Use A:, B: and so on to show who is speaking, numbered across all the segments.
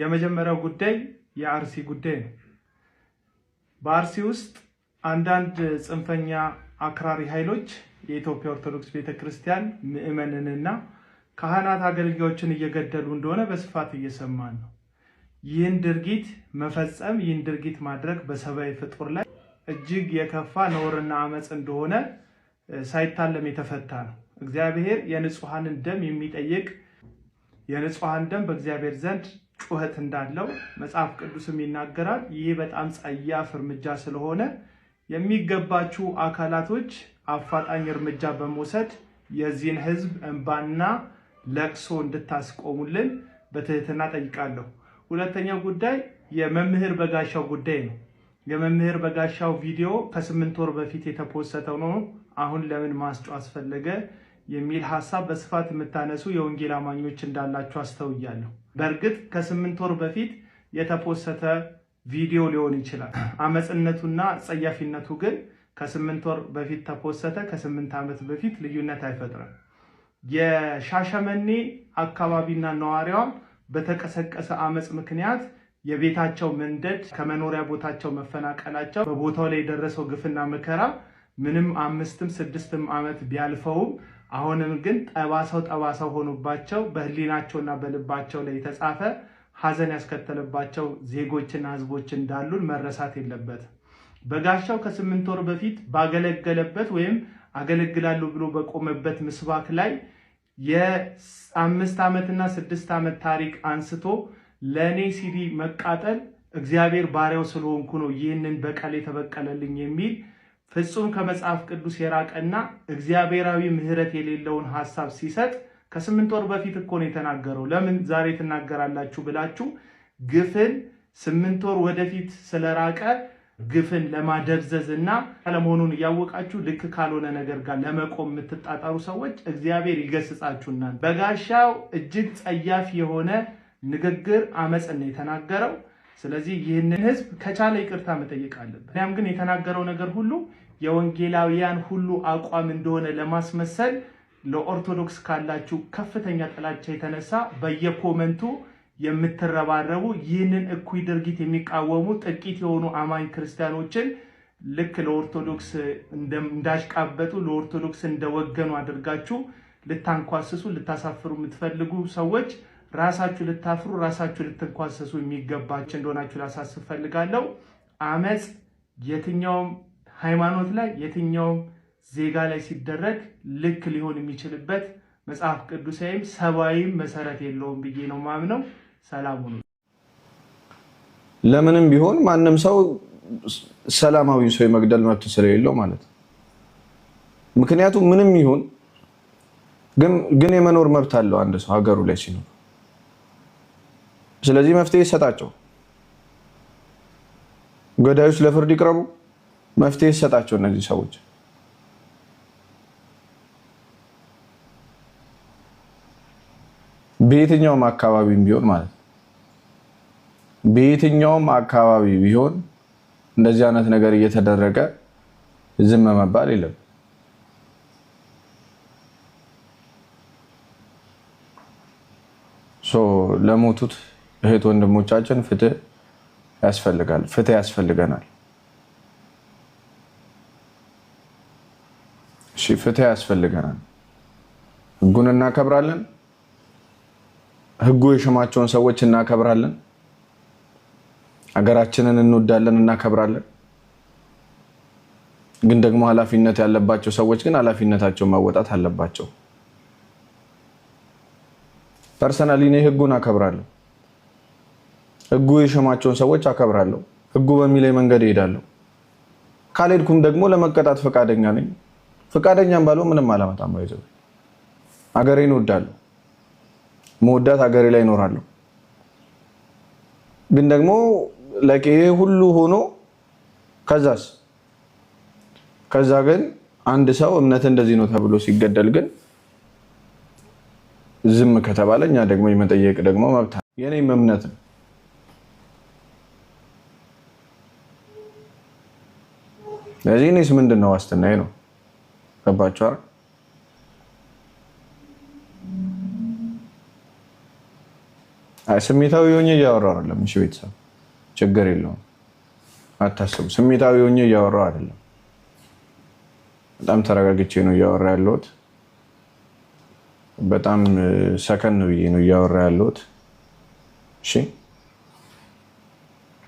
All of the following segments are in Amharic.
A: የመጀመሪያው ጉዳይ የአርሲ ጉዳይ ነው። በአርሲ ውስጥ አንዳንድ ጽንፈኛ አክራሪ ኃይሎች የኢትዮጵያ ኦርቶዶክስ ቤተክርስቲያን ምእመንንና ምዕመንንና ካህናት አገልጋዮችን እየገደሉ እንደሆነ በስፋት እየሰማን ነው። ይህን ድርጊት መፈጸም ይህን ድርጊት ማድረግ በሰብአዊ ፍጡር ላይ እጅግ የከፋ ነውርና አመፅ እንደሆነ ሳይታለም የተፈታ ነው። እግዚአብሔር የንጹሐንን ደም የሚጠይቅ የንጹሐን ደም በእግዚአብሔር ዘንድ ጩኸት እንዳለው መጽሐፍ ቅዱስም ይናገራል። ይህ በጣም ጸያፍ እርምጃ ስለሆነ የሚገባችው አካላቶች አፋጣኝ እርምጃ በመውሰድ የዚህን ህዝብ እንባና ለቅሶ እንድታስቆሙልን በትህትና ጠይቃለሁ። ሁለተኛው ጉዳይ የመምህር በጋሻው ጉዳይ ነው። የመምህር በጋሻው ቪዲዮ ከስምንት ወር በፊት የተፖሰተው ነው። አሁን ለምን ማስጮ አስፈለገ? የሚል ሀሳብ በስፋት የምታነሱ የወንጌል አማኞች እንዳላችሁ አስተውያለሁ። በእርግጥ ከስምንት ወር በፊት የተፖሰተ ቪዲዮ ሊሆን ይችላል። አመፅነቱና ጸያፊነቱ ግን ከስምንት ወር በፊት ተፖሰተ፣ ከስምንት ዓመት በፊት ልዩነት አይፈጥርም። የሻሸመኔ አካባቢና ነዋሪዋ በተቀሰቀሰ አመፅ ምክንያት የቤታቸው መንደድ፣ ከመኖሪያ ቦታቸው መፈናቀላቸው፣ በቦታው ላይ የደረሰው ግፍና መከራ ምንም አምስትም ስድስትም ዓመት ቢያልፈውም አሁንም ግን ጠባሳው ጠባሳው ሆኖባቸው በህሊናቸውና በልባቸው ላይ የተጻፈ ሀዘን ያስከተለባቸው ዜጎችና ህዝቦች እንዳሉን መረሳት የለበት በጋሻው ከስምንት ወር በፊት ባገለገለበት ወይም አገለግላሉ ብሎ በቆመበት ምስባክ ላይ የአምስት ዓመትና ስድስት ዓመት ታሪክ አንስቶ ለእኔ ሲዲ መቃጠል እግዚአብሔር ባሪያው ስለሆንኩ ነው ይህንን በቀል የተበቀለልኝ የሚል ፍጹም ከመጽሐፍ ቅዱስ የራቀና እግዚአብሔራዊ ምሕረት የሌለውን ሐሳብ ሲሰጥ ከስምንት ወር በፊት እኮ ነው የተናገረው። ለምን ዛሬ ትናገራላችሁ ብላችሁ ግፍን ስምንት ወር ወደፊት ስለራቀ ግፍን ለማደብዘዝ እና ለመሆኑን እያወቃችሁ ልክ ካልሆነ ነገር ጋር ለመቆም የምትጣጠሩ ሰዎች እግዚአብሔር ይገስጻችሁና በጋሻው እጅግ ጸያፍ የሆነ ንግግር አመፅን ነው የተናገረው። ስለዚህ ይህንን ህዝብ ከቻለ ይቅርታ መጠየቅ አለበት። ያም ግን የተናገረው ነገር ሁሉ የወንጌላውያን ሁሉ አቋም እንደሆነ ለማስመሰል ለኦርቶዶክስ ካላችሁ ከፍተኛ ጥላቻ የተነሳ በየኮመንቱ የምትረባረቡ ይህንን እኩይ ድርጊት የሚቃወሙ ጥቂት የሆኑ አማኝ ክርስቲያኖችን ልክ ለኦርቶዶክስ እንዳሽቃበጡ ለኦርቶዶክስ እንደወገኑ አድርጋችሁ ልታንኳስሱ ልታሳፍሩ የምትፈልጉ ሰዎች ራሳችሁ ልታፍሩ ራሳችሁ ልትንኳሰሱ የሚገባችሁ እንደሆናችሁ ላሳስብ ፈልጋለሁ። አመፅ የትኛውም ሃይማኖት ላይ የትኛውም ዜጋ ላይ ሲደረግ ልክ ሊሆን የሚችልበት መጽሐፍ ቅዱሳዊም ሰብአዊም መሰረት የለውም ብዬ ነው ማምነው። ሰላም ሁኑ።
B: ለምንም ቢሆን ማንም ሰው ሰላማዊ ሰው የመግደል መብት ስለሌለው ማለት ነው። ምክንያቱም ምንም ይሁን ግን የመኖር መብት አለው አንድ ሰው ሀገሩ ላይ ሲኖር ስለዚህ መፍትሄ ይሰጣቸው፣ ገዳዮች ለፍርድ ይቅረቡ፣ መፍትሄ ይሰጣቸው። እነዚህ ሰዎች በየትኛውም አካባቢ ቢሆን ማለት ነው በየትኛውም አካባቢ ቢሆን እንደዚህ አይነት ነገር እየተደረገ ዝም መባል የለም። ለሞቱት እህት ወንድሞቻችን ፍትህ ያስፈልጋል፣ ፍትህ ያስፈልገናል። እሺ ፍትህ ያስፈልገናል። ህጉን እናከብራለን። ህጉ የሸማቸውን ሰዎች እናከብራለን። ሀገራችንን እንወዳለን፣ እናከብራለን። ግን ደግሞ ኃላፊነት ያለባቸው ሰዎች ግን ኃላፊነታቸውን ማወጣት አለባቸው። ፐርሰናሊ እኔ ህጉን አከብራለሁ። ህጉ የሸማቸውን ሰዎች አከብራለሁ። ህጉ በሚለኝ መንገድ እሄዳለሁ። ካልሄድኩም ደግሞ ለመቀጣት ፈቃደኛ ነኝ። ፈቃደኛም ባለ ምንም አላመጣም። ይዘ ሀገሬን እወዳለሁ። መወዳት ሀገሬ ላይ እኖራለሁ። ግን ደግሞ ለቄ ሁሉ ሆኖ ከዛስ ከዛ ግን አንድ ሰው እምነት እንደዚህ ነው ተብሎ ሲገደል ግን ዝም ከተባለ እኛ ደግሞ የመጠየቅ ደግሞ መብት የኔም እምነት ነው። ለዚህ እኔስ ምንድን ነው ዋስትናዬ ነው። ገባችሁ? ስሜታዊ ሆኜ እያወራሁ አይደለም። እሺ ቤተሰብ ችግር የለውም አታስቡ። ስሜታዊ ሆኜ እያወራሁ አይደለም። በጣም ተረጋግቼ ነው እያወራ ያለሁት። በጣም ሰከን ብዬ ነው እያወራ ያለሁት። እሺ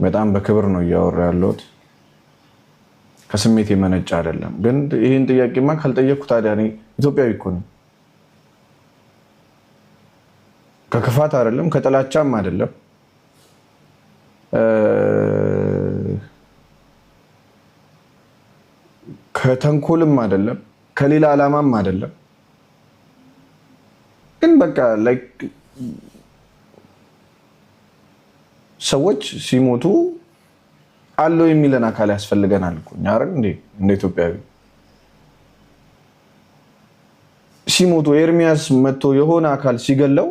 B: በጣም በክብር ነው እያወራ ያለሁት። ከስሜት የመነጨ አይደለም። ግን ይህን ጥያቄማ ካልጠየቅኩ ታዲያ እኔ ኢትዮጵያዊ እኮ ነኝ። ከክፋት አይደለም፣ ከጥላቻም አይደለም። ከተንኮልም አይደለም፣ ከሌላ ዓላማም አይደለም። ግን በቃ ሰዎች ሲሞቱ አለው የሚለን አካል ያስፈልገናል እኮ እኛ አይደል እንደ ኢትዮጵያዊ ሲሞቱ ኤርሚያስ መጥቶ የሆነ አካል ሲገለው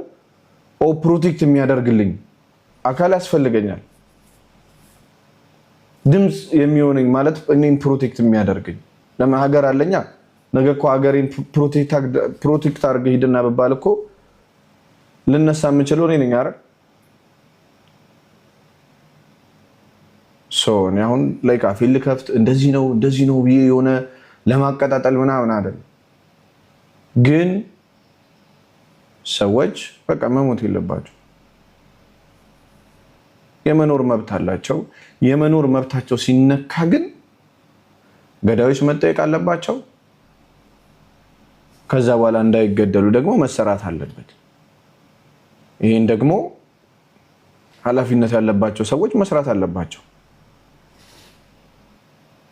B: ኦ ፕሮቴክት የሚያደርግልኝ አካል ያስፈልገኛል። ድምፅ የሚሆነኝ ማለት እኔን ፕሮቴክት የሚያደርገኝ ለምን ሀገር አለኛ። ነገ እኮ ሀገሬን ፕሮቴክት አድርገህ ሂድና ብባል እኮ ልነሳ የምችለው እኔ ነኝ አይደል? እኔ አሁን ላይ ፊልድ ከፍት እንደዚህ ነው እንደዚህ ነው ብዬ የሆነ ለማቀጣጠል ምናምን አይደለም፣ ግን ሰዎች በቃ መሞት የለባቸው የመኖር መብት አላቸው። የመኖር መብታቸው ሲነካ ግን ገዳዮች መጠየቅ አለባቸው። ከዛ በኋላ እንዳይገደሉ ደግሞ መሰራት አለበት። ይህን ደግሞ ኃላፊነት ያለባቸው ሰዎች መስራት አለባቸው።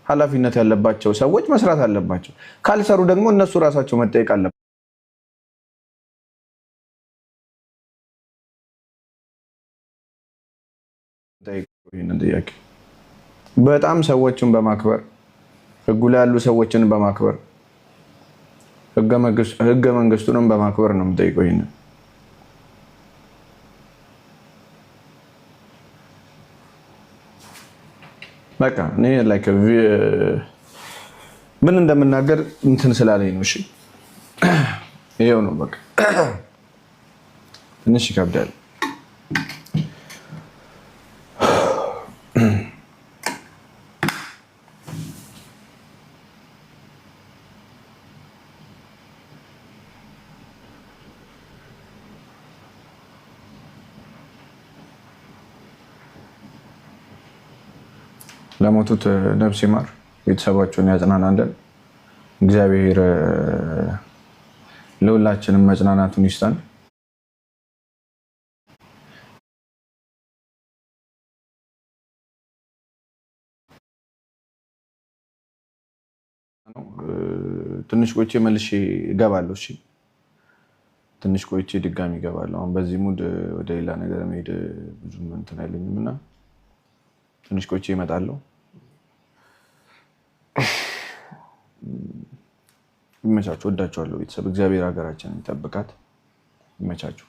B: ኃላፊነት ያለባቸው ሰዎች መስራት አለባቸው። ካልሰሩ ደግሞ እነሱ ራሳቸው መጠየቅ አለባቸው። በጣም ሰዎችን በማክበር ህጉ ላይ ያሉ ሰዎችን በማክበር ህገ መንግስቱንም በማክበር ነው የምጠይቀው ይህንን በቃ እኔ ላይክ ምን እንደምናገር እንትን ስላለኝ ነው። እሺ ይሄው ነው በቃ ትንሽ ይከብዳል። ለሞቱት ነፍስ ይማር፣ ቤተሰባቸውን ያጽናናለን። እግዚአብሔር ለሁላችንም መጽናናቱን ይስጠን። ትንሽ ቆይቼ መልሼ እገባለሁ። እሺ፣ ትንሽ ቆይቼ ድጋሚ እገባለሁ። አሁን በዚህ ሙድ ወደ ሌላ ነገር መሄድ ብዙም እንትን አይለኝም እና ትንሽ ቆይቼ ይመጣሉ። ይመቻችሁ። ወዳችኋለሁ ቤተሰብ። እግዚአብሔር ሀገራችንን ይጠብቃት። ይመቻችሁ።